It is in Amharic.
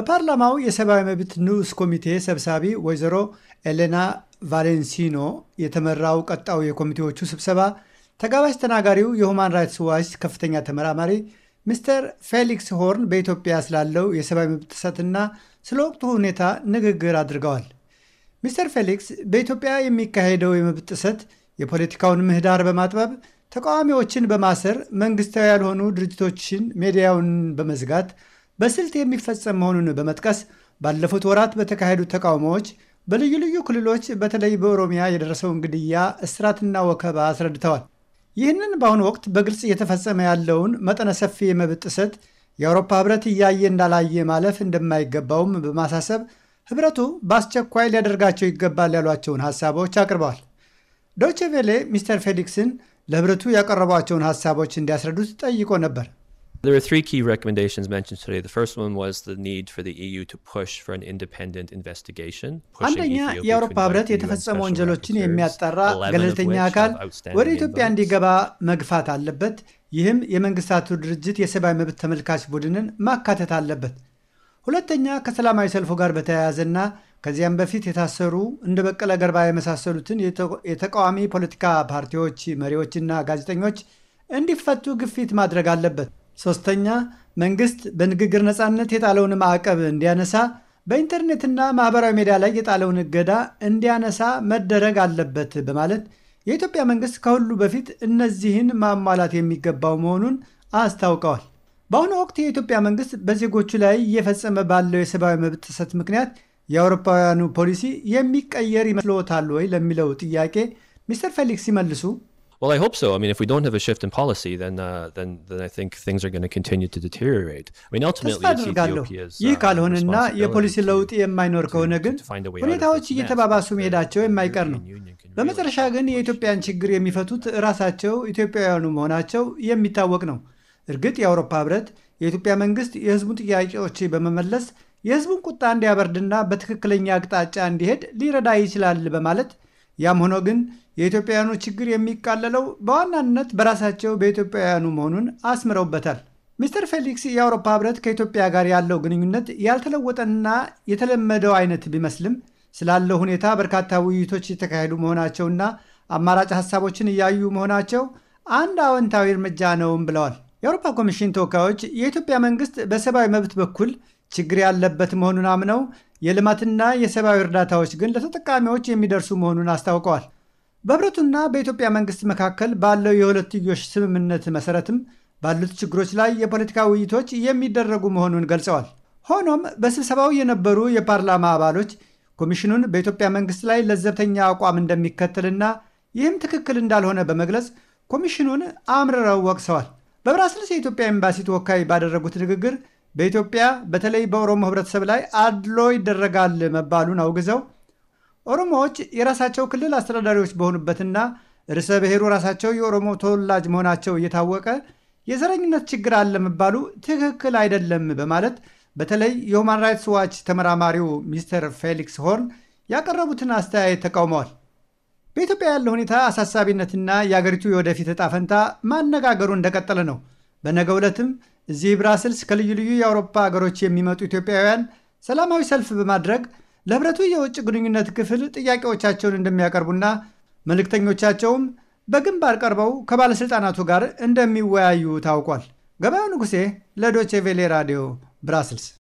በፓርላማው የሰብአዊ መብት ንዑስ ኮሚቴ ሰብሳቢ ወይዘሮ ኤሌና ቫሌንሲኖ የተመራው ቀጣው የኮሚቴዎቹ ስብሰባ ተጋባዥ ተናጋሪው የሁማን ራይትስ ዋች ከፍተኛ ተመራማሪ ሚስተር ፌሊክስ ሆርን በኢትዮጵያ ስላለው የሰብአዊ መብት ጥሰትና ስለ ወቅቱ ሁኔታ ንግግር አድርገዋል። ሚስተር ፌሊክስ በኢትዮጵያ የሚካሄደው የመብት ጥሰት የፖለቲካውን ምህዳር በማጥበብ ተቃዋሚዎችን በማሰር መንግስታዊ ያልሆኑ ድርጅቶችን፣ ሜዲያውን በመዝጋት በስልት የሚፈጸም መሆኑን በመጥቀስ ባለፉት ወራት በተካሄዱ ተቃውሞዎች በልዩ ልዩ ክልሎች በተለይ በኦሮሚያ የደረሰውን ግድያ፣ እስራትና ወከባ አስረድተዋል። ይህንን በአሁኑ ወቅት በግልጽ እየተፈጸመ ያለውን መጠነ ሰፊ የመብት ጥሰት የአውሮፓ ሕብረት እያየ እንዳላየ ማለፍ እንደማይገባውም በማሳሰብ ሕብረቱ በአስቸኳይ ሊያደርጋቸው ይገባል ያሏቸውን ሀሳቦች አቅርበዋል። ዶቼ ቬሌ ሚስተር ፌሊክስን ለሕብረቱ ያቀረቧቸውን ሀሳቦች እንዲያስረዱት ጠይቆ ነበር። There are three key recommendations mentioned today. The first one was the need for the EU to push for an independent investigation. አንደኛ የአውሮፓ ህብረት የተፈጸሙ ወንጀሎችን የሚያጠራ ገለልተኛ አካል ወደ ኢትዮጵያ እንዲገባ መግፋት አለበት። ይህም የመንግስታቱ ድርጅት የሰብአዊ መብት ተመልካች ቡድንን ማካተት አለበት። ሁለተኛ ከሰላማዊ ሰልፉ ጋር በተያያዘና ከዚያም በፊት የታሰሩ እንደ በቀለ ገርባ የመሳሰሉትን የተቃዋሚ ፖለቲካ ፓርቲዎች መሪዎችና ጋዜጠኞች እንዲፈቱ ግፊት ማድረግ አለበት። ሶስተኛ መንግስት በንግግር ነፃነት የጣለውን ማዕቀብ እንዲያነሳ በኢንተርኔትና ማህበራዊ ሜዲያ ላይ የጣለውን እገዳ እንዲያነሳ መደረግ አለበት በማለት የኢትዮጵያ መንግስት ከሁሉ በፊት እነዚህን ማሟላት የሚገባው መሆኑን አስታውቀዋል። በአሁኑ ወቅት የኢትዮጵያ መንግስት በዜጎቹ ላይ እየፈጸመ ባለው የሰብአዊ መብት ጥሰት ምክንያት የአውሮፓውያኑ ፖሊሲ የሚቀየር ይመስሎታል ወይ ለሚለው ጥያቄ ሚስተር ፌሊክስ ሲመልሱ Well, I hope so. I mean, if we don't have a shift in policy, then uh, then then I think things are going to continue to deteriorate. I mean, ultimately, it's Ethiopia's ይህ uh, ካልሆነና የፖሊሲ ለውጥ የማይኖር ከሆነ ግን ሁኔታዎች እየተባባሱ መሄዳቸው የማይቀር ነው። በመጨረሻ ግን የኢትዮጵያን ችግር የሚፈቱት ራሳቸው ኢትዮጵያውያኑ መሆናቸው የሚታወቅ ነው። እርግጥ የአውሮፓ ህብረት የኢትዮጵያ መንግስት የህዝቡን ጥያቄዎች በመመለስ የህዝቡን ቁጣ እንዲያበርድና በትክክለኛ አቅጣጫ እንዲሄድ ሊረዳ ይችላል በማለት ያም ሆኖ ግን የኢትዮጵያውያኑ ችግር የሚቃለለው በዋናነት በራሳቸው በኢትዮጵያውያኑ መሆኑን አስምረውበታል። ሚስተር ፌሊክስ የአውሮፓ ህብረት ከኢትዮጵያ ጋር ያለው ግንኙነት ያልተለወጠና የተለመደው አይነት ቢመስልም ስላለው ሁኔታ በርካታ ውይይቶች የተካሄዱ መሆናቸውና አማራጭ ሀሳቦችን እያዩ መሆናቸው አንድ አዎንታዊ እርምጃ ነውም ብለዋል። የአውሮፓ ኮሚሽን ተወካዮች የኢትዮጵያ መንግስት በሰብአዊ መብት በኩል ችግር ያለበት መሆኑን አምነው የልማትና የሰብአዊ እርዳታዎች ግን ለተጠቃሚዎች የሚደርሱ መሆኑን አስታውቀዋል። በህብረቱና በኢትዮጵያ መንግስት መካከል ባለው የሁለትዮሽ ስምምነት መሰረትም ባሉት ችግሮች ላይ የፖለቲካ ውይይቶች የሚደረጉ መሆኑን ገልጸዋል። ሆኖም በስብሰባው የነበሩ የፓርላማ አባሎች ኮሚሽኑን በኢትዮጵያ መንግስት ላይ ለዘብተኛ አቋም እንደሚከተልና ይህም ትክክል እንዳልሆነ በመግለጽ ኮሚሽኑን አምርረው ወቅሰዋል። በብራስልስ የኢትዮጵያ ኤምባሲ ተወካይ ባደረጉት ንግግር በኢትዮጵያ በተለይ በኦሮሞ ህብረተሰብ ላይ አድሎ ይደረጋል መባሉን አውግዘው ኦሮሞዎች የራሳቸው ክልል አስተዳዳሪዎች በሆኑበትና ርዕሰ ብሔሩ ራሳቸው የኦሮሞ ተወላጅ መሆናቸው እየታወቀ የዘረኝነት ችግር አለ መባሉ ትክክል አይደለም በማለት በተለይ የሁማን ራይትስ ዋች ተመራማሪው ሚስተር ፌሊክስ ሆርን ያቀረቡትን አስተያየት ተቃውመዋል። በኢትዮጵያ ያለው ሁኔታ አሳሳቢነትና የአገሪቱ የወደፊት እጣ ፈንታ ማነጋገሩ እንደቀጠለ ነው። በነገ ዕለትም እዚህ ብራስልስ ከልዩ ልዩ የአውሮፓ ሀገሮች የሚመጡ ኢትዮጵያውያን ሰላማዊ ሰልፍ በማድረግ ለህብረቱ የውጭ ግንኙነት ክፍል ጥያቄዎቻቸውን እንደሚያቀርቡና መልእክተኞቻቸውም በግንባር ቀርበው ከባለሥልጣናቱ ጋር እንደሚወያዩ ታውቋል። ገበያው ንጉሴ ለዶቼቬሌ ቬሌ ራዲዮ ብራስልስ